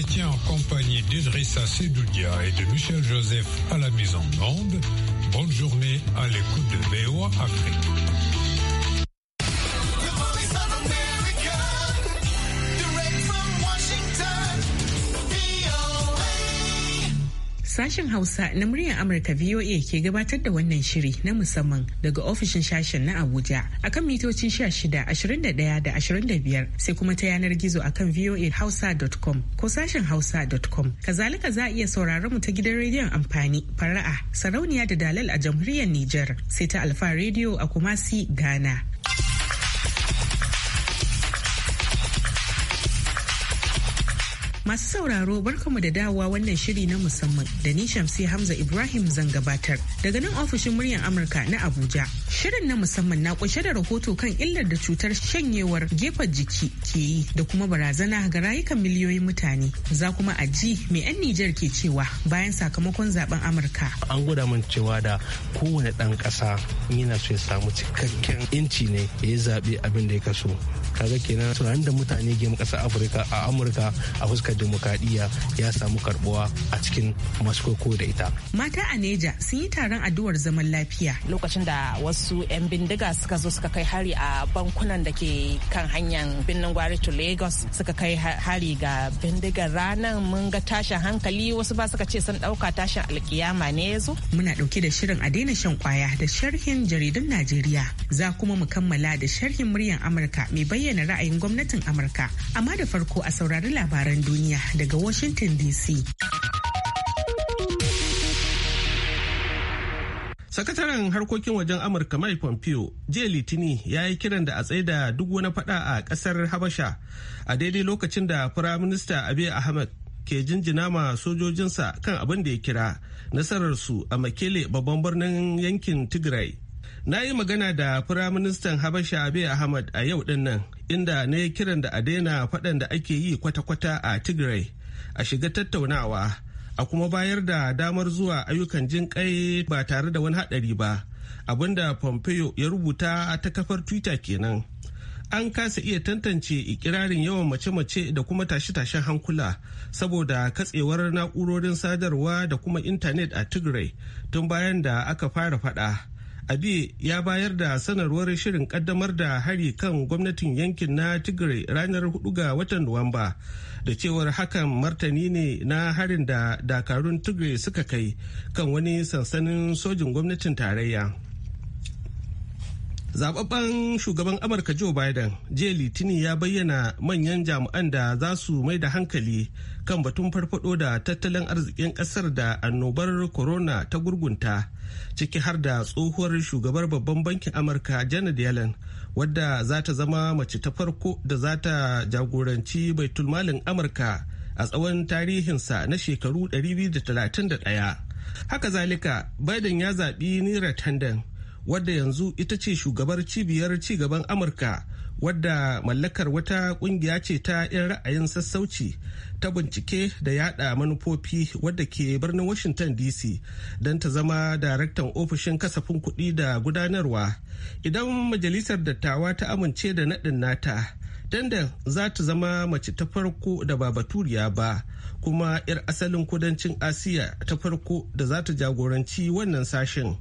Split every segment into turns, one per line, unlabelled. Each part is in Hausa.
Je tiens en compagnie d'Idrissa Sedoudia et de Michel Joseph à la mise en Bonne journée à l'écoute de BOA Afrique.
Sashen Hausa na muryar Amurka VOA ke gabatar da wannan shiri na musamman daga ofishin sashen na Abuja akan mitocin shida, ashirin da da da ashirin biyar sai kuma ta yanar gizo akan voahausa.com ko sashen hausa.com. Kazalika za a iya sauraron mu ta gidan rediyon amfani fara'a sarauniya da dalal a jamhuriyar Nijar sai ta Alfa Rediyo a Kumasi Ghana. Masu sauraro barkamu da dawowa wannan shiri na musamman da ni Shamsi Hamza Ibrahim zan gabatar daga nan ofishin muryar Amurka na Abuja. Shirin na musamman na kunshe da rahoto kan illar da cutar shanyewar gefen jiki ke yi da kuma barazana ga rayukan miliyoyin mutane. Za kuma a ji mai 'yan Nijar ke cewa bayan sakamakon zaben Amurka.
An gwada min
cewa da kowane ɗan ƙasa yana so ya samu cikakken inci ne ya zaɓi abin da ya kaso. Kaga kenan tunanin da mutane game ƙasar Afirka a Amurka a fuskar dimokuraɗiyya ya samu karbuwa a cikin masu da ita.
Mata a Neja sun yi taron addu'ar zaman lafiya. Lokacin da wasu 'yan bindiga suka zo suka kai hari a bankunan da ke kan hanyar birnin gwari to Lagos suka kai hari ga bindiga ranar mun ga tashin hankali wasu ba suka ce sun ɗauka tashin alkiyama ne ya zo. Muna ɗauke da shirin a daina shan kwaya da sharhin jaridun Najeriya. Za kuma mu kammala da sharhin muryar Amurka mai bayyana ra'ayin gwamnatin Amurka. Amma da farko a saurari labaran duniya. daga Washington DC.
Sakataren harkokin wajen Amurka Mike Pompeo jiya Litini ya yi kiran da a tsaida duk wani fada a kasar Habasha a daidai lokacin da Firaminista Abiy Ahmed ke jinjina ma sojojinsa kan abin da ya kira nasararsu a Makele babban birnin yankin Tigray. Na yi magana da Firaministan Habasha Abiy Ahmed a yau dinnan nan. inda na yi kiran da a daina faɗan da ake yi kwata-kwata a Tigray a shiga tattaunawa a kuma bayar da damar zuwa ayyukan jin kai ba tare da wani haɗari ba abinda Pompeo ya rubuta ta kafar Twitter kenan. An kasa iya tantance ikirarin yawan mace-mace da kuma tashe-tashen hankula saboda katsewar na'urorin sadarwa da kuma intanet a Tigray tun bayan da aka fara faɗa. abi ya bayar da sanarwar shirin kaddamar da hari kan gwamnatin yankin na tigray ranar 4 ga watan nuwamba da cewar hakan martani ne na harin da dakarun tigray suka kai kan wani sansanin sojin gwamnatin tarayya zababben shugaban amurka joe biden jiya litini ya bayyana manyan jami'an da za su mai da hankali kan batun farfado da tattalin arzikin kasar da annobar corona ta gurgunta ciki har da tsohuwar shugabar babban bankin amurka janet yellen wadda za ta zama mace ta farko da za ta jagoranci tulmalin amurka a tsawon tarihinsa na shekaru 231 haka zalika biden ya zaɓi nira tandon wadda yanzu ita ce shugabar cibiyar cigaban amurka wadda mallakar wata kungiya ce ta 'yan ra'ayin sassauci ta bincike da yada manufofi wadda ke birnin washington dc don ta zama daraktan ofishin kasafin kuɗi da gudanarwa idan majalisar dattawa ta amince da naɗin nata dandan za ta zama mace ta farko da ba baturiya ba kuma 'yar asalin kudancin asiya ta farko da za ta jagoranci wannan sashen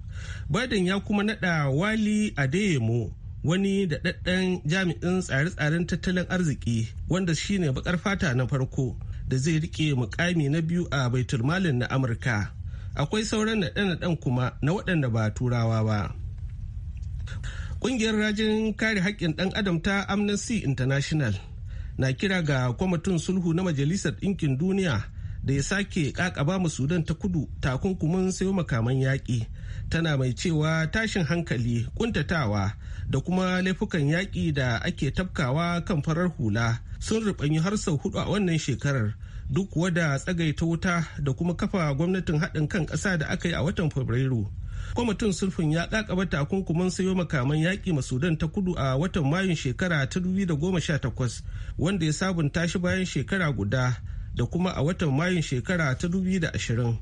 biden ya kuma naɗa wali adeyemo wani da daɗaɗɗen jami'in tsare-tsaren tattalin arziki wanda shine bakar fata na farko da zai rike mukami na biyu a baitulmalin na amurka akwai sauran naɗe-naɗen kuma na waɗanda ba turawa ba ƙungiyar rajin kare haƙƙin ɗan adam ta amnesty international na kira ga kwamitin sulhu na majalisar ɗinkin duniya da ya sake kakaba sudan ta kudu takunkumin sayo makaman yaƙi tana mai cewa tashin hankali kuntatawa da kuma laifukan yaƙi da ake tafkawa kan farar hula sun rubanyi har sau hudu a wannan shekarar duk wada da tsagaita wuta da kuma kafa gwamnatin haɗin kan ƙasa da aka yi a watan fabrairu kwamitin sulfin ya ƙaƙaba takunkumin sayo makaman yaƙi ma sudan ta kudu a watan mayun shekara ta takwas wanda ya sabunta shi bayan shekara guda da kuma a watan mayun shekara ta ashirin.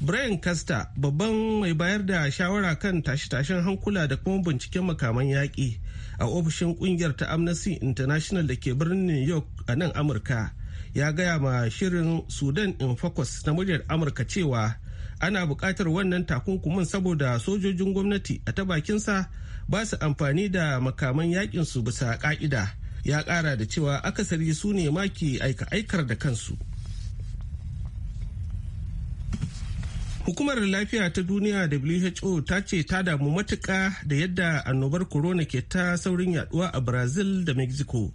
brian casta babban mai bayar da shawara kan tashe-tashen hankula da kuma binciken makaman yaƙi a ofishin ƙungiyar ta amnesty international da ke birnin new york a nan amurka ya gaya ma shirin sudan in focus na muryar amurka cewa ana buƙatar wannan takunkumin saboda sojojin gwamnati a ta bakinsa ba su amfani da makaman yakin su bisa ƙa'ida ya ƙara da cewa akasari su ne maki aika aikar da kansu Hukumar lafiya ta duniya WHO ta ce ta damu matuƙa da yadda annobar corona ke ta saurin yaduwa a Brazil da Mexico.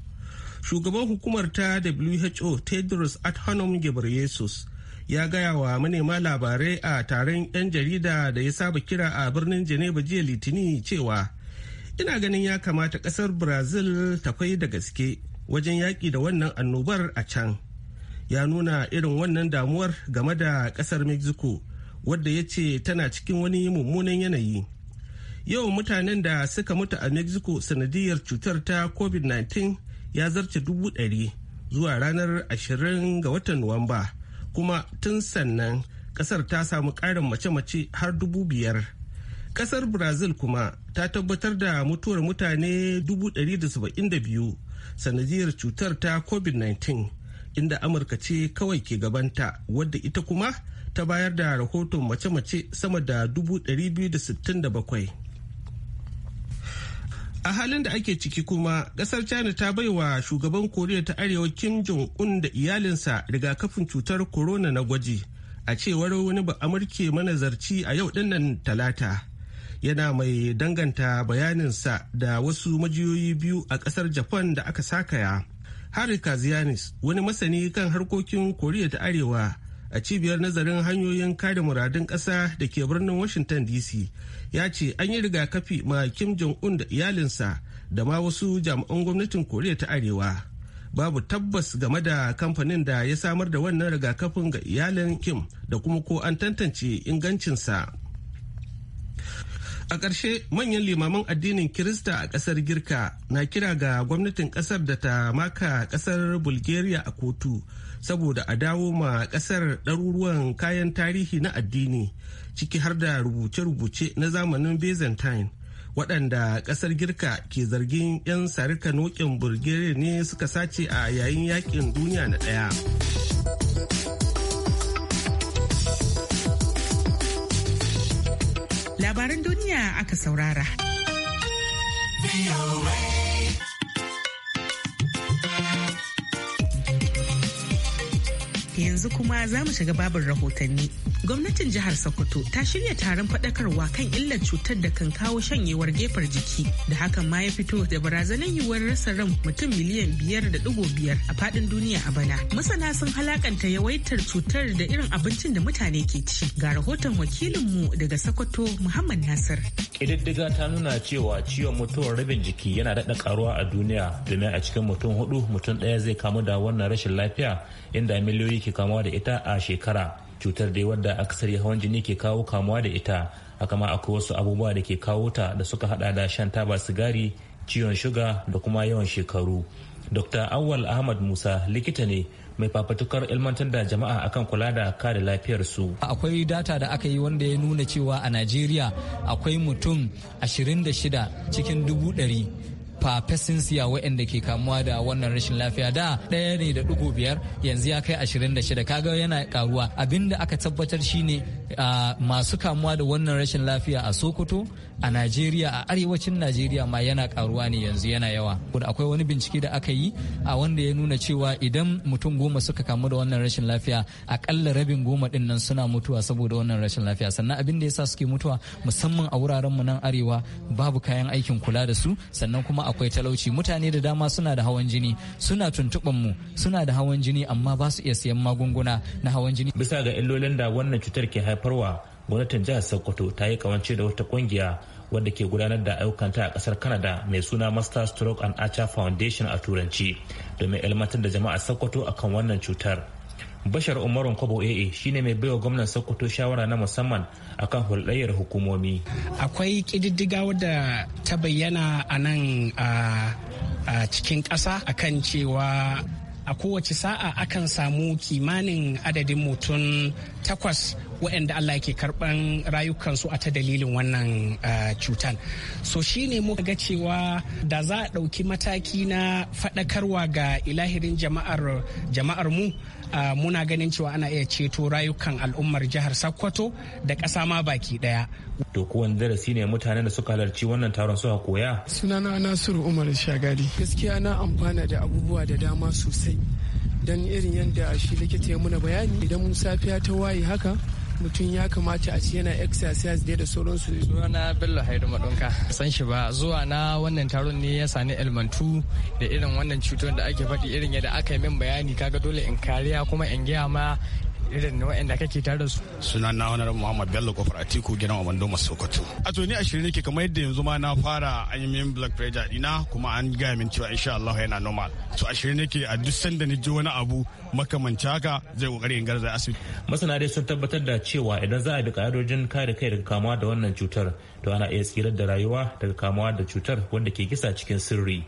Shugaban hukumar ta WHO Tedros Adhanom Ghebreyesus ya gaya wa manema labarai a taron 'yan jarida da ya saba kira a birnin Geneva jiya Litini cewa ina ganin ya kamata kasar Brazil ta kwai da gaske wajen yaƙi da wannan annobar a can. Ya nuna irin wannan damuwar game da kasar Mexico. wadda ya ce tana cikin wani mummunan yanayi yau mutanen da suka mutu a mexico sanadiyar cutar ta covid-19 ya zarce dubu ɗari zuwa ranar 20 ga watan nuwamba kuma tun sannan kasar ta samu ƙarin mace-mace har dubu biyar kasar brazil kuma ta tabbatar da mutuwar mutane dubu biyu sanadiyar cutar ta covid-19 inda amurka ce kawai ke gabanta wadda ita kuma ta bayar da rahoton mace-mace sama da 267 a halin da ake ciki kuma kasar china ta baiwa shugaban koriya ta arewa kim jong-un da iyalinsa rigakafin cutar corona na gwaji a cewar wani ba amurke manazarci a yau dinnan talata yana mai danganta bayaninsa da wasu majiyoyi biyu a kasar japan da aka sakaya harry kazianis wani masani kan harkokin koriya ta arewa a cibiyar nazarin hanyoyin kare muradun ƙasa da ke birnin washington dc ya ce an yi rigakafi ma kim jong-un da iyalinsa da ma wasu jami'an gwamnatin koriya ta arewa babu tabbas game da kamfanin da ya samar da wannan rigakafin ga iyalin kim da kuma ko an tantance ingancinsa a ƙarshe manyan limaman addinin kirista a ƙasar girka na kira ga gwamnatin ƙasar da ta maka ƙasar bulgaria a kotu saboda a dawo ma kasar ɗaruruwan kayan tarihi na addini ciki har da rubuce-rubuce na zamanin byzantine waɗanda ƙasar girka ke zargin 'yan sarika nokin bulgaria ne suka sace a yayin yakin duniya na ɗaya
labaran duniya aka saurara. yanzu kuma za mu shiga babin rahotanni. gwamnatin jihar Sokoto ta shirya taron faɗakarwa kan illar cutar da kan kawo shanyewar gefar jiki da hakan ma ya fito da barazanar yiwuwar rasa ran mutum miliyan biyar da ɗigo biyar a faɗin duniya a bana. Masana sun halakanta yawaitar cutar da irin abincin da mutane ke ci. Ga rahoton wakilinmu daga Sokoto Muhammad Nasir.
Ƙididdiga ta nuna cewa ciwon mutuwar rabin jiki yana daɗa karuwa a duniya domin a cikin mutum hudu mutum ɗaya zai kamu da wannan rashin lafiya inda miliyoyi ke kamuwa da ita a shekara. cutar dai wadda akasari hawan jini ke kawo kamuwa da ita haka ma akwai wasu abubuwa da ke kawo ta da suka hada da shan taba sigari ciwon shuga da kuma yawan shekaru dr awal ahmad musa likita ne mai fafatukar ilmantar da jama'a akan kula da kare lafiyarsu. Akwai data da aka yi wanda ya nuna cewa a Najeriya akwai mutum 26 cikin dubu ɗari persons waɗanda ke kamuwa da wannan rashin lafiya da ɗaya ne da ɗigo biyar yanzu ya kai ashirin da shida kaga yana karuwa abinda aka tabbatar shine masu kamuwa da wannan rashin lafiya a sokoto a najeriya a arewacin najeriya ma yana karuwa ne yanzu yana yawa akwai wani bincike da aka yi a wanda ya nuna cewa idan mutum goma suka kamu da wannan rashin lafiya akalla rabin goma din nan suna mutuwa saboda wannan rashin lafiya sannan abin da yasa suke mutuwa musamman a wuraren mu nan arewa babu kayan aikin kula da su sannan kuma akwai talauci mutane da dama suna da hawan jini suna tuntuɓan mu suna da hawan jini amma ba su iya siyan magunguna na hawan jini bisa ga illolin da wannan cutar ke haifar haifarwa gwamnatin jihar sokoto ta yi kawance da wata kungiya wadda ke gudanar da ayyukanta a kasar canada mai suna master stroke and archer foundation a turanci domin ilmantar da jama'a sokoto akan wannan cutar bashar umarun kwabo aa shine mai baiwa gwamnan sokoto shawara na musamman akan hulɗayyar hukumomi akwai ƙididdiga wadda ta bayyana a nan
a cikin ƙasa akan cewa a kowace sa'a akan samu kimanin adadin mutum takwas waɗanda Allah yake karɓan rayukansu a ta dalilin wannan eh, cutan. So shi ne muka ga cewa da za a ɗauki mataki na faɗakarwa ga ilahirin jama'ar mu eh, muna ganin cewa ana iya ceto rayukan al'ummar jihar Sakkwato da ƙasa ma baki ɗaya.
To wani darasi ne mutanen da suka halarci wannan taron suka koya?
Sunana Nasiru Umar Shagari. Gaskiya na amfana da abubuwa da dama sosai. dan irin yadda shi likita ya muna
bayani idan mun safiya ta waye haka mutum ya kamata a ce yana exercise dai da sauransu na bello haidu madonka san shi ba zuwa na wannan taron ne ya sani ilmantu da irin wannan cutar da ake faɗi irin yadda aka yi min bayani kaga dole in kariya kuma in gaya
ma irin wa'anda kake tare su suna na honar muhammad bello kofar atiku gidan amando masu sokoto a tuni ni ashirin nake kamar yadda yanzu ma na fara an yi min black pressure dina kuma an gaya min cewa insha Allah yana normal to ashirin nake a duk sanda ni ji wani abu makamanci haka zai kokari in garzaya asibiti masana dai sun tabbatar da cewa idan za a bi ka'idojin kare kai daga kamuwa da wannan
cutar to ana iya tsirar da rayuwa daga kamuwa da cutar wanda ke kisa cikin sirri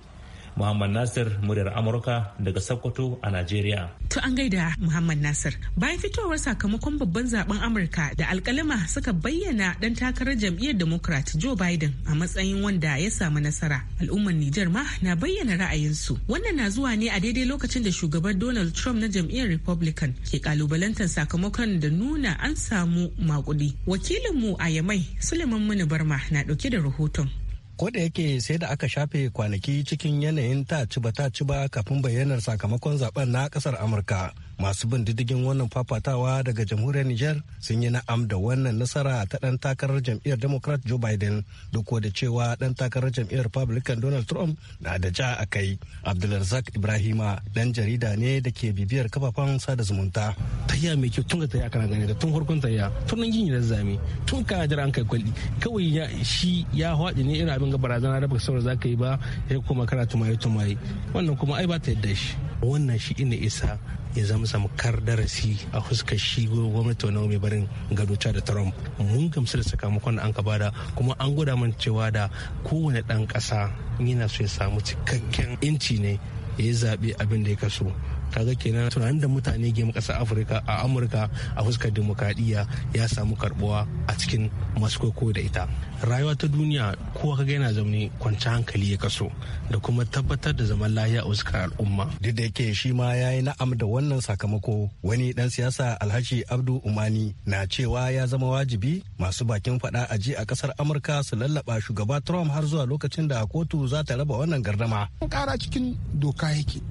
Muhammad Nasir muryar Amurka daga Sokoto a Najeriya.
To an gaida Muhammad Nasir. Bayan fitowar sakamakon babban zaben Amurka da alkalima suka bayyana dan takarar jam'iyyar Democrat Joe Biden a matsayin wanda ya samu nasara. Al'ummar Nijar ma na bayyana ra'ayinsu. Wannan na zuwa ne a daidai lokacin da shugaban Donald Trump na jam'iyyar Republican ke kalubalantar sakamakon da nuna an samu makudi. Wakilinmu a Yamai Suleiman Muni na dauke da rahoton.
ko da yake sai da aka shafe kwanaki cikin yanayin ta ci ba ta ci ba kafin bayyanar sakamakon zaben na kasar amurka masu bin diddigin wannan fafatawa daga jamhuriyar Nijar sun yi na'am da wannan nasara ta dan takarar jam'iyyar democrat joe biden duk da cewa dan takarar jam'iyyar republican donald trump na da ja a kai abdulrazak ibrahima dan jarida ne da ke bibiyar kafafen sada zumunta tayya mai kyau tun da tayya kana gani da tun farkon tayya tun nan gini da zami tun ka jira an kai kwalli kawai shi ya haɗi ne irin abin ga barazana da baka saura za ka yi ba ya kuma kana tumaye tumaye wannan kuma ai ba ta yadda shi wannan shi ina isa ya zama kar darasi a fuskar shi gwamnati wani mai barin gadoca da trump mun gamsu da sakamakon da an ka bada kuma an gwada man cewa da kowane ɗan ƙasa yana so ya samu cikakken inci ne ya yi zaɓe abin da ya kaso kaga kenan tunanin da mutane game kasa afirka a amurka a fuskar demokradiyya ya samu karbuwa a cikin masu da ita rayuwa ta duniya kowa kaga yana zaune kwanci hankali ya kaso da kuma tabbatar da zaman lahiya a fuskar al'umma duk da yake shi ma ya yi na'am da wannan sakamako wani dan siyasa alhaji abdu umani na cewa ya zama wajibi masu bakin faɗa a ji a kasar amurka su lallaba shugaba trump har zuwa lokacin da kotu za ta raba wannan gardama. kara
cikin doka yake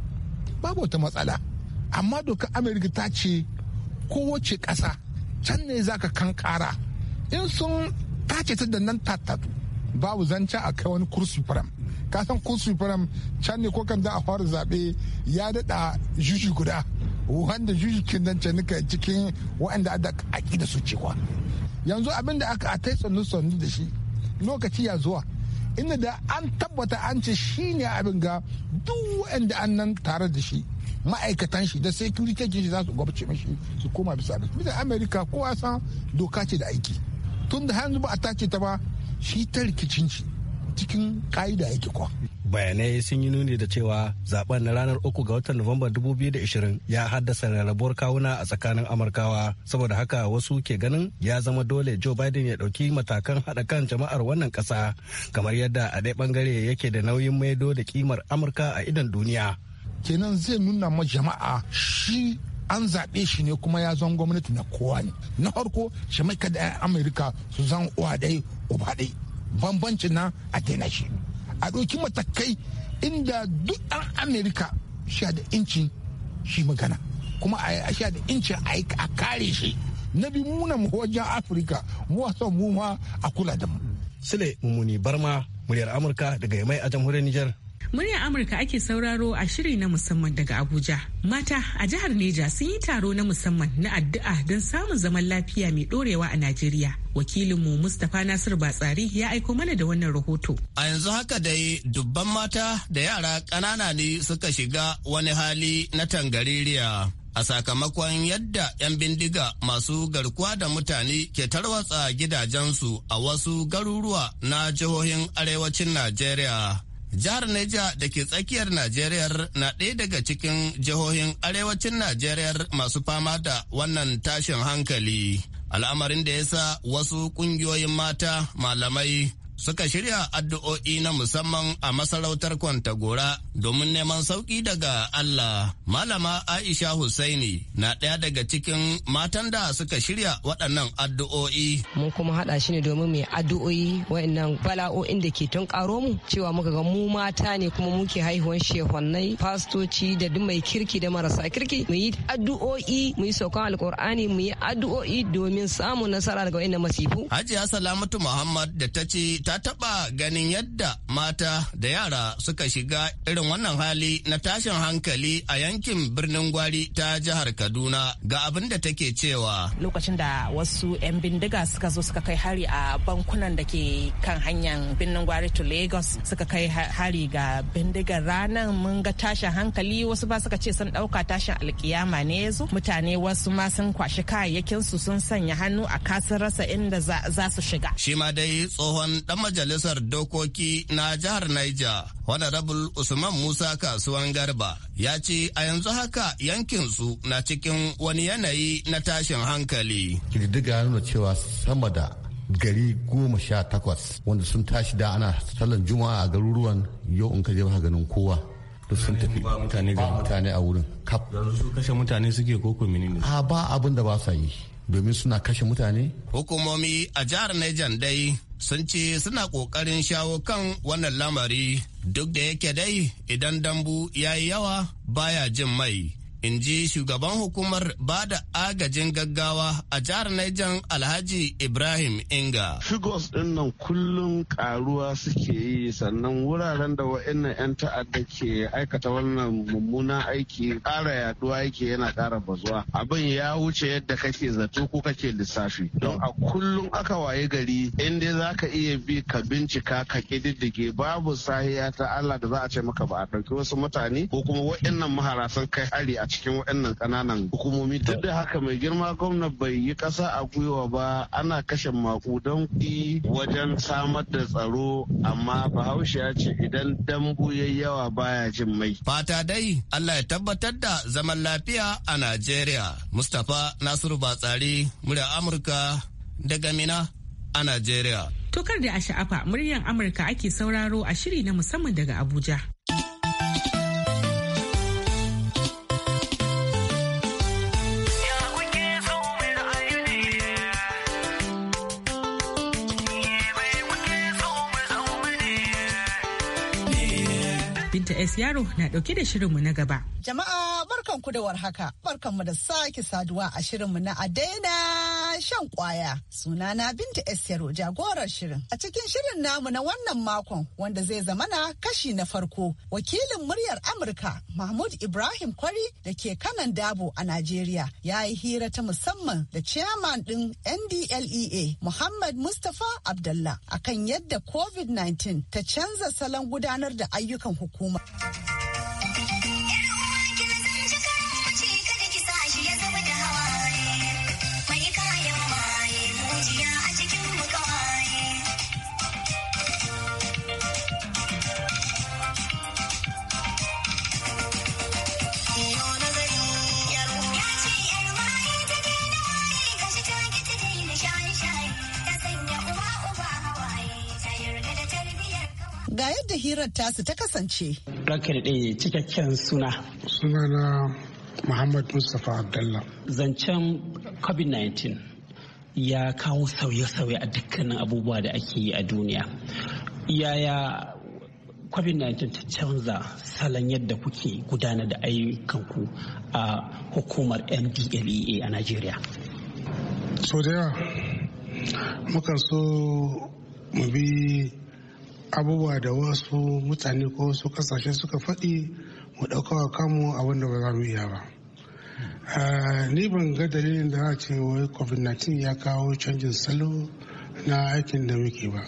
babu wata matsala amma dokar amerika ta ce kowace ƙasa can ne za ka kan ƙara in sun tace ta da nan tattatu babu zanca a kai wani kursu faram ka san kursu faram can ne ko kan za a fara zaɓe ya daɗa juji guda wanda juji can dan cikin waɗanda da su cewa yanzu abin da aka a tai sannu da shi lokaci ya zuwa inda da an tabbata an ce shi ne abin ga duk wanda an nan tare da shi ma'aikatan shi da security shi za su gwabce mashi su koma bisa da bisa ko ko san doka ce da aiki tun da hannu ba a tace ta ba shi ta rikicin shi cikin ka'ida yake kwa
bayanai sun yi nuni da cewa zaben na ranar 3 ga watan nuwamba 2020 ya haddasa rarrabuwar kawuna a tsakanin amurkawa saboda haka wasu ke ganin ya zama dole joe biden ya ɗauki matakan haɗa kan jama'ar wannan kasa kamar yadda a ɗaya bangare yake da nauyin maido da kimar amurka
a idan duniya kenan zai nuna ma jama'a shi an zaɓe shi ne kuma ya zan gwamnati na kowa ne na farko shamaika da 'yan amurka su zan uwa dai, uba dai. bambancin na a daina shi a ɗauki matakai inda duk ɗan amerika sha da inci shi magana kuma a sha da inci a kare shi na bi muna wajen afirka mu wasan mu ma a kula
da mu sule mummuni barma muryar amurka daga yamai a jamhuriyar niger
Muryar Amurka ake sauraro a shiri na musamman daga Abuja. Mata a jihar Neja sun yi taro na musamman na addu'a don samun zaman lafiya mai ɗorewa a Najeriya. Wakilinmu Mustapha Nasir Batsari ya aiko mana da wannan rahoto.
A yanzu haka dai dubban mata da yara ƙanana ne suka shiga wani hali na tangaririya. a sakamakon yadda 'yan bindiga masu garkuwa da mutane ke tarwatsa gidajensu a wasu garuruwa na jihohin arewacin Najeriya. Jihar Neja da ke tsakiyar Najeriya na ɗaya daga cikin jihohin arewacin Najeriya masu fama da wannan tashin hankali. Al'amarin da ya sa wasu ƙungiyoyin mata, malamai, suka shirya addu'o'i na musamman a masarautar Kwantagora domin neman sauƙi daga Allah. Malama Aisha Hussaini na ɗaya daga cikin matan da suka shirya waɗannan addu'o'i.
Mun kuma haɗa shi ne domin mai addu'o'i waɗannan bala'o'in da ke tun ƙaro mu cewa muka ga mu mata ne kuma muke haihuwan shehonnai fastoci da duk mai kirki da marasa kirki mu yi addu'o'i mu yi saukan alƙur'ani mu yi addu'o'i domin samun nasara daga waɗannan masifu.
Hajiya Salamatu Muhammad da ta ce ta ta taɓa ganin yadda mata da yara suka shiga irin wannan hali na tashin hankali a yankin birnin gwari ta jihar kaduna ga abin da take cewa
lokacin da wasu 'yan bindiga suka zo suka kai hari a bankunan da ke kan hanyar birnin gwari to lagos suka kai hari ga bindigar ranar mun ga tashin hankali wasu ba suka ce sun ɗauka tashin alkiyama ne ya zo mutane wasu ma sun kwashi kayayyakinsu sun sanya hannu a kasar rasa inda za su shiga
shi dai tsohon dan majalisar dokoki na jihar Niger, Honorable Usman Musa Kasuwan Garba, ya ce a yanzu haka yankinsu na cikin wani yanayi na tashin hankali. Kididdiga nuna cewa sama da gari goma sha
takwas wanda sun tashi da ana sallan juma'a a garuruwan yau in ka je ba ganin kowa duk sun tafi ba mutane a wurin kaf yanzu su kashe mutane suke koko ne. a ba abin da ba sa yi domin suna kashe mutane?
Hukumomi a jihar Niger dai sun ce suna ƙoƙarin shawo kan wannan lamari duk da yake dai idan dambu ya yi yawa baya jin mai. in ji shugaban hukumar ba da agajin gaggawa a jihar Niger Alhaji Ibrahim Inga. Figos ɗin
nan kullum karuwa suke yi sannan wuraren da wa'annan 'yan ta'adda ke aikata wannan mummunan aiki ƙara yaduwa yake yana ƙara bazuwa. Abin ya wuce yadda kake zato ko kake lissafi. Don a kullum aka waye gari in dai za ka iya bi ka bincika ka ƙididdige babu sahiya ta Allah da za a ce maka ba a ɗauki wasu mutane ko kuma wa'annan maharasan kai hari a cikin waɗannan ƙananan hukumomi duk da haka mai girma gwamna bai yi ƙasa a gwiwa ba ana kashe makudan kuɗi wajen
samar da tsaro amma bahaushe ya ce idan dambu ya yawa baya jin mai. fata dai allah ya tabbatar da zaman lafiya a najeriya mustapha nasiru batsari murya amurka daga mina a najeriya.
Tokar da a sha'afa muryan Amurka ake sauraro a shiri na musamman daga Abuja. Binta S na dauke da shirinmu na gaba. Jama'a barkanku da warhaka, barkanmu da sake saduwa a shirinmu na Adaina shan kwaya. suna na Binta S Yaro jagorar shirin. A cikin shirin namu na wannan makon wanda zai zamana kashi na farko, wakilin muryar Amurka Mahmud Ibrahim Kwari da ke kanan dabo a Najeriya ya yi hira ta musamman da chairman ɗin NDLEA Muhammad Mustapha Abdullah akan yadda COVID-19 ta canza salon gudanar da ayyukan hukuma. home. yadda hirar tasu ta kasance. da ɗaya
cikakken suna. Suna na Muhammad Mustapha Abdullah. Zancen COVID-19 ya kawo sauye-sauye a dukkanin abubuwa da ake yi a duniya. Yaya COVID-19 ta canza salon yadda kuke gudanar da ayyukanku a hukumar MDLEA a Najeriya? So da mukan so
mu bi abubuwa da wasu mutane ko wasu kasashe suka faɗi mu ɗaukawa kamu abin da ba za mu iya ba ni ban ga dalilin da za ce wai covid-19 ya kawo canjin salo na aikin da muke ba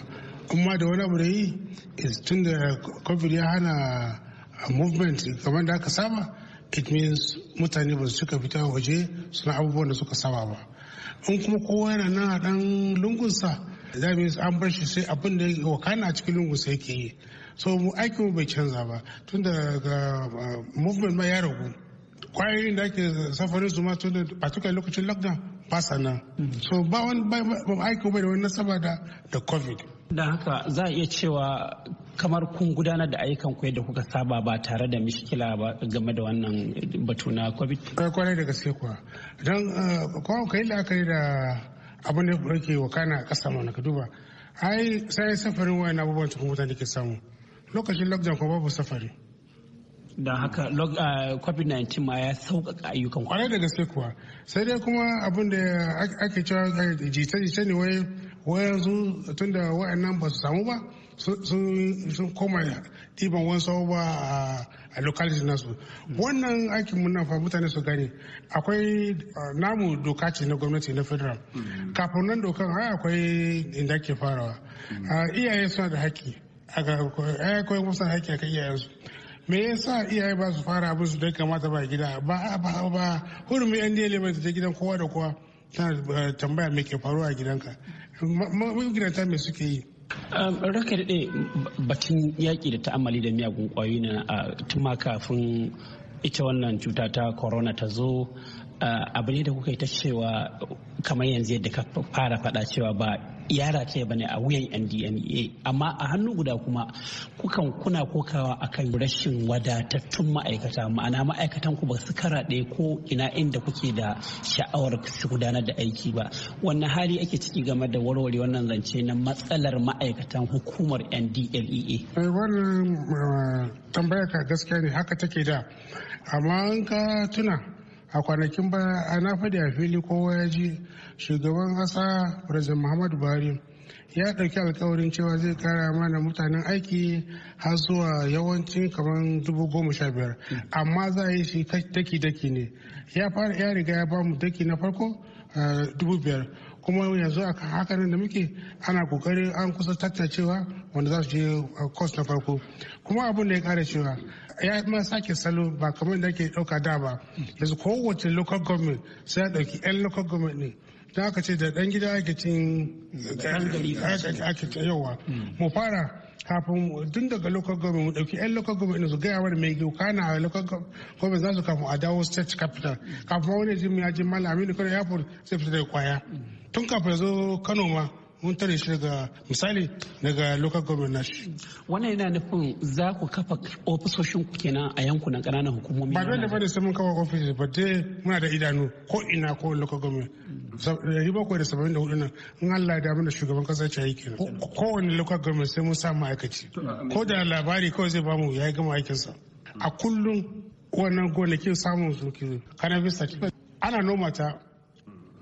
amma da wani abu da yi tun da covid ya hana movement kamar da aka saba it means mutane ba su suka fita waje suna abubuwan da suka saba ba in kuma kowa yana nan a ɗan lungunsa Za zamu an bar shi sai abin da wakana a cikin lungu sai ke yi so mu aikin mu bai canza ba tun daga uh, movement ma ya ragu kwayoyin da ake safarin su ma tun da particular lokacin lockdown ba sana mm-hmm. so ba wani aiki bai da wani nasaba da covid
Da haka za a iya cewa kamar kun gudanar da ayyukan ku yadda kuka saba ba tare da mishkila ba game da wannan batu na covid eh, kwarai da gaske kuwa don
uh, kawai kai la'akari da abin da yake wakana a ƙasa mana ka duba ai sai safarin wayan abubuwan cikin mutane ke samu lokacin lockdown ko babu safari
don haka ah, covid-19 ma ya sauƙaƙa ayyukan kwarai da gaske kuwa sai dai
kuma abin da ake cewa eh, jita jita ne wai wayanzu tun da wayannan ba su samu ba sun koma ɗiban wani ba a a locality nasu mm. wannan aikin muna fa mutane su gani akwai namu doka ce na gwamnati na federal mm. kafin nan dokan ai akwai inda ke farawa mm. iyaye suna da haƙƙi a akwai musu haƙƙi a iyayen iyayensu me yasa iyaye ba su fara abin su da kamata ba gida ba ba ba hurumin yan dele mai ta gidan kowa da kowa tana tambaya me ke faruwa a gidanka magidanta me suke yi
Um, raka daɗe batun yaƙi da ta'amali da miyagun ƙwayoyi na uh, tun ma kafin ita wannan cuta ta corona ta zo Ah, abu ne da kuka yi ta cewa kamar yanzu yadda ka fara faɗa cewa ba yara ce bane a wuyan ndna amma a hannu guda kuma kukan kuna kokawa akan rashin wadatattun ma'aikata ma'ana ma'aikatan ku ba su karaɗe ko ina inda kuke da sha'awar su gudanar da aiki ba wannan hali ake ciki game da warware wannan zance na matsalar ma'aikatan hukumar ndlea eh,
wannan ah, tambaya ka gaskiya ne haka take da amma an ka tuna a kwanakin baya na fadi a fili kowa ya ji shugaban ƙasa president muhammadu buhari ya ɗauki alkawarin cewa zai kara mana mutanen aiki har zuwa yawancin kamar dubu goma sha biyar amma za a yi shi daki-daki ne ya fara ya riga ya bamu daki na farko dubu biyar kuma yanzu a hakanan da muke ana kokari an kusa tattacewa wanda za su je kos na farko kuma abin da ya kara cewa ya ma sake salo ba kamar da ke ɗauka da ba yanzu kowace local government sai ya ɗauki 'yan local government ne da aka ce da ɗan gida ake cin ake yawa mu fara kafin tun daga local government mu dauki yan local government su gaya wani mai doka na local government za su kafin a dawo state capital kafin wani jimmi ya jimmi malamin aminu kano ya sai fita da kwaya tun kafin zo kano ma mun tare shi daga misali
daga local government Wannan yana nufin za ku kafa ofisoshin ku kenan a yankunan ƙananan hukumomi. Ba dole ba da sai mun kafa ofis ba dai muna da idanu ko ina ko
local government. riba ko da saba'in da hudu nan in Allah da mana shugaban kasa ce yi kenan. Kowane local government sai mun sa ma'aikaci. Ko da labari kawai zai bamu ya gama aikinsa. A kullum wannan gonakin samun su cannabis certificate ana noma ta.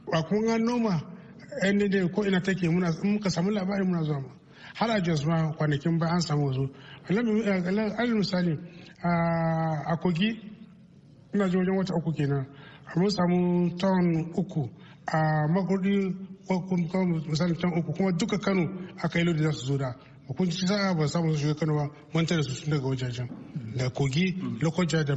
Ba kuma noma yan daidai ko ina take muna in muka samu labari muna zuwa har a jos ma kwanakin ba an samu zo alal misali a kogi ina ji wajen wata uku kenan mun samu ton uku a makudi misali ton uku kuma duka kano aka yi lodi za su zo da hukunci sa sa'a ba samu su shiga kano ba mun tare su sun daga wajajen da kogi lokoja da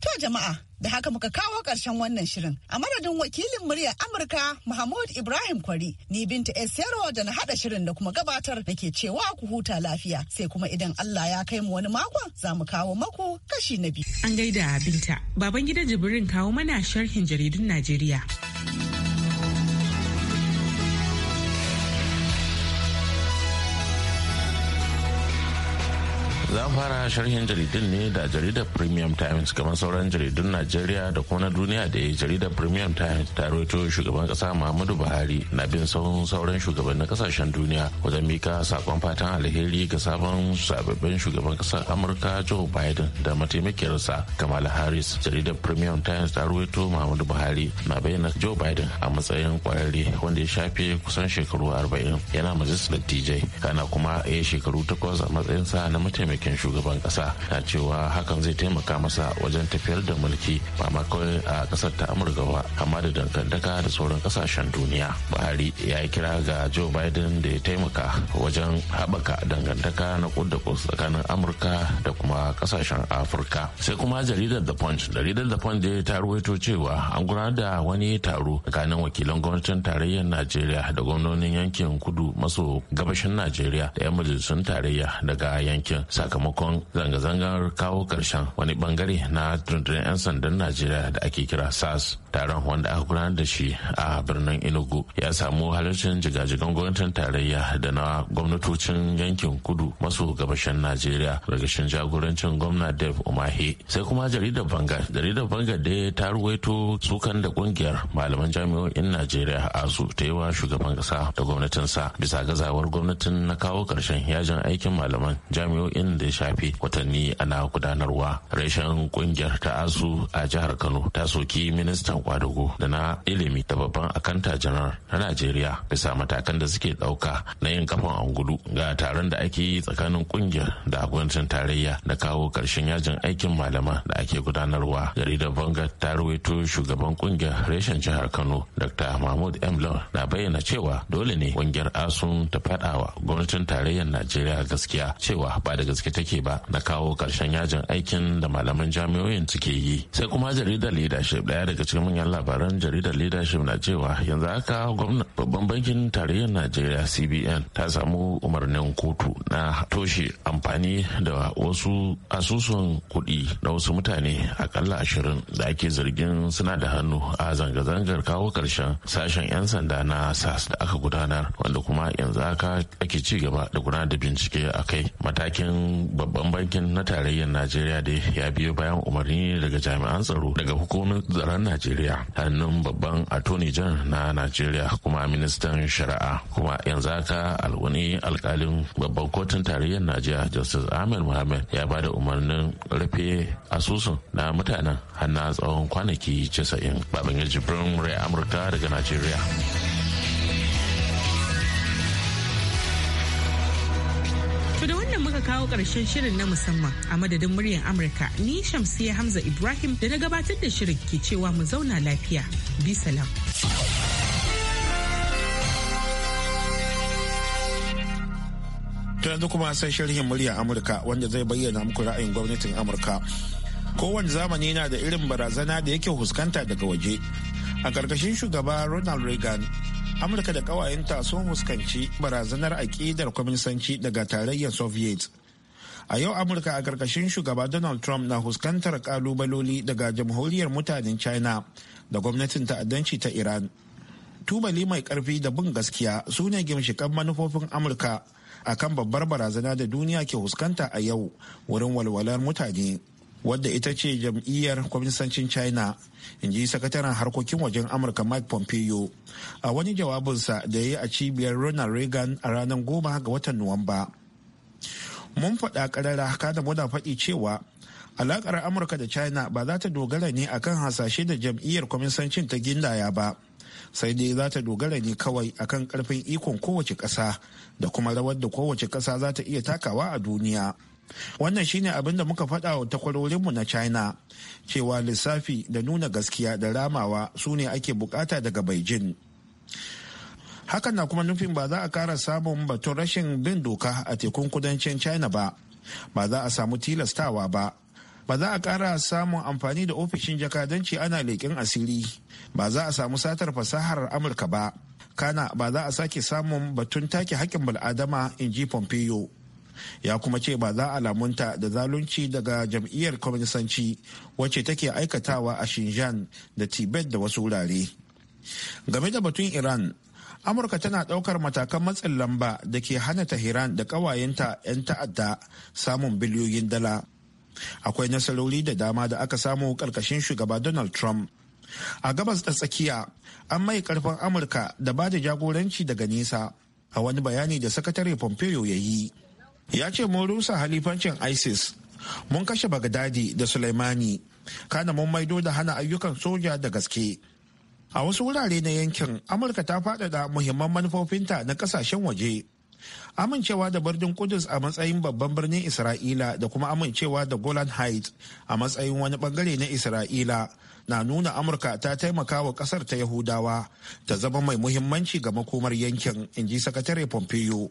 To jama'a da haka muka kawo ƙarshen wannan shirin a madadin wakilin muryar Amurka Mahmud Ibrahim Kwari ni binta Esero da na hada shirin da kuma gabatar da ke cewa ku huta lafiya sai kuma idan Allah ya kai mu wani makon za mu kawo maku kashi na biyu. An gaida binta baban gidan Jibrin kawo mana sharhin jaridun Najeriya.
za fara sharhin jaridun ne da jaridar premium times kamar sauran jaridun najeriya da kuma na duniya da jaridar premium times ta roto shugaban kasa muhammadu buhari na bin sauran sauran na kasashen duniya wajen mika sakon fatan alheri ga sabon sababbin shugaban kasar amurka joe biden da mataimakiyarsa kamala harris jaridar premium times ta roto muhammadu buhari na bayyana joe biden a matsayin kwararre wanda ya shafe kusan shekaru arba'in yana majalisar dattijai kana kuma ya shekaru takwas a matsayinsa na mataimakin mulkin shugaban kasa na cewa hakan zai taimaka masa wajen tafiyar da mulki ba ma kawai a kasar ta amurka ba amma da dangantaka da sauran kasashen duniya buhari ya yi kira ga joe biden da ya taimaka wajen haɓaka dangantaka na kudda da tsakanin amurka da kuma kasashen afirka sai kuma jaridar the punch jaridar the punch da ta ruwaito cewa an gudanar da wani taro tsakanin wakilan gwamnatin tarayyar najeriya da gwamnonin yankin kudu maso gabashin najeriya da 'yan majalisun tarayya daga yankin sakamakon zanga-zangar kawo karshen wani bangare na rundunar 'yan sandan najeriya da ake kira sas taron wanda aka gudanar da shi a birnin enugu ya samu halarcin jigajigan gwamnatin tarayya da na gwamnatocin yankin kudu maso gabashin najeriya ragashin jagorancin gwamna dev umahi sai kuma jaridar bangar jaridar bangar da ta ruwaito sukan da kungiyar malaman jami'o'in najeriya su ta yi wa shugaban kasa da gwamnatinsa bisa gazawar gwamnatin na kawo karshen yajin aikin malaman jami'o'in da da ya shafi watanni ana gudanarwa reshen kungiyar ta asu a jihar kano ta soki ministan kwadago da na ilimi da babban akanta janar na najeriya bisa matakan da suke dauka na yin kafan angulu ga taron da ake yi tsakanin kungiyar da gwamnatin tarayya da kawo karshen yajin aikin malama da ake gudanarwa jaridar bangar ta ruwaito shugaban kungiyar reshen jihar kano dr mahmud m na bayyana cewa dole ne kungiyar asun ta faɗawa gwamnatin tarayyar najeriya gaskiya cewa ba da gaskiya gaske take ba na kawo karshen yajin aikin da malaman jami'o'in suke yi sai kuma jaridar leadership daya daga cikin manyan labaran jaridar leadership na cewa yanzu haka gwamna babban bankin tarayyar najeriya cbn ta samu umarnin kotu na toshe amfani da wasu asusun kuɗi na wasu mutane akalla ashirin da ake zargin suna da hannu a zanga-zangar kawo karshen sashen 'yan sanda na sas da aka gudanar wanda kuma yanzu haka ake ci gaba da gudanar da bincike a kai matakin babban bankin na tarayyar najeriya da ya biyo bayan umarni daga jami'an tsaro daga hukumar tsaron najeriya hannun babban attorney jan na najeriya kuma ministan shari'a kuma yanzu haka alwani alkalin babban kotun tarayyar najeriya justice ahmed muhammad ya ba da umarnin rufe asusun na mutanen hannun tsawon kwanaki 90 babban ya jibrin amurka daga najeriya
kawo ƙarshen shirin na musamman a madadin muryar Amurka ni Shamsiya Hamza Ibrahim da na gabatar da shirin ke cewa mu zauna lafiya. Bi salam.
yanzu kuma sai sharhin murya Amurka wanda zai bayyana muku ra'ayin gwamnatin Amurka. Kowane zamani na da irin barazana da yake huskanta daga waje. A ƙarƙashin shugaba Ronald Reagan, amurka da ƙawayenta sun fuskanci barazanar aƙidar kwaminsanci daga tarayyar soviet a yau amurka a karkashin shugaba donald trump na huskantar kalubaloli daga jamhuriyar mutanen china da gwamnatin ta'addanci ta iran tubali mai karfi da bin gaskiya su ne gimshikan manufofin amurka a kan babbar barazana da duniya ke huskanta a yau wurin walwalar mutane wadda ita ce jam'iyyar kwamisancin china in ji sakataren harkokin wajen amurka mike pompeo a wani jawabinsa da ya yi a cibiyar ronald reagan a ranar goma ga watan nuwamba mun faɗa ƙarara haka da muna faɗi cewa alaƙar amurka da china ba za ta dogara ne akan hasashe da jam'iyyar kwaminsancin ta gindaya ba sai dai za ta dogara ne kawai akan ƙarfin ikon kowace ƙasa da kuma rawar da kowace ƙasa za ta iya takawa a duniya wannan shine abin da muka faɗa wa takwarorinmu na china cewa lissafi da nuna gaskiya da ramawa su ne ake bukata daga beijing hakan na kuma nufin ba za a kara samun batun rashin bin doka a tekun kudancin china ba ba za a samu tilastawa ba ba za a kara samun amfani da ofishin jakadanci ana leƙin asiri ba za a samu satar fasahar amurka ba kana ba za a sake samun batun take haƙƙin bal'adama in ji pompeo ya kuma ce ba za a lamunta da zalunci daga jam'iyyar kwaminisanci wacce take aikatawa a shinjan da Tibet da wasu wurare. Game da batun Iran, amurka tana ɗaukar matakan matsin lamba da ke hana tehran da ƙawayenta 'yan ta'adda samun biliyoyin dala akwai nasarori da dama da aka samu ƙarƙashin shugaba donald trump a gabas da tsakiya an mai karfin amurka da ba da jagoranci daga nisa a wani bayani da sakatare pompeo ya yi ya ce mun rusa halifancin isis mun kashe bagdadi da sulaimani kana mun maido da hana ayyukan soja da gaske A wasu wurare na yankin, Amurka ta faɗaɗa muhimman manufofinta na ƙasashen waje. Amincewa da birnin Kudus a matsayin babban birnin Isra'ila da kuma amincewa da Golan Heights a matsayin wani bangare na Isra'ila na nuna Amurka ta taimaka wa ƙasar ta Yahudawa ta zama mai muhimmanci ga makomar yankin, in ji Sakatare Pompeo.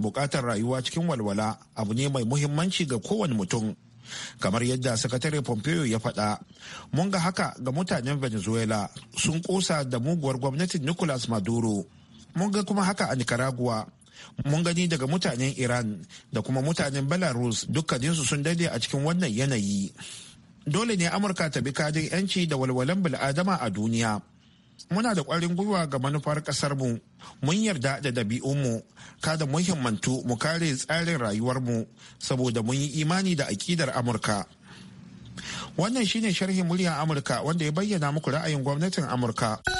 Bukatar rayuwa cikin walwala abu ne mai muhimmanci ga kowane mutum. kamar yadda sakatare pompeo ya faɗa mun ga haka ga mutanen venezuela sun kosa da muguwar gwamnatin nicolas maduro mun ga kuma haka a nicaragua mun gani daga mutanen iran da kuma mutanen belarus dukkaninsu sun dade a cikin wannan yanayi dole ne amurka ta bi kadin yanci da walwalan bil'adama a duniya muna da ƙwarin gwiwa ga manufar ƙasarmu mun yarda da ɗabi'unmu kada muhimmantu mu kare tsarin rayuwarmu saboda mun yi imani da aƙidar amurka wannan shine sharhin muryar amurka wanda ya bayyana muku ra'ayin gwamnatin amurka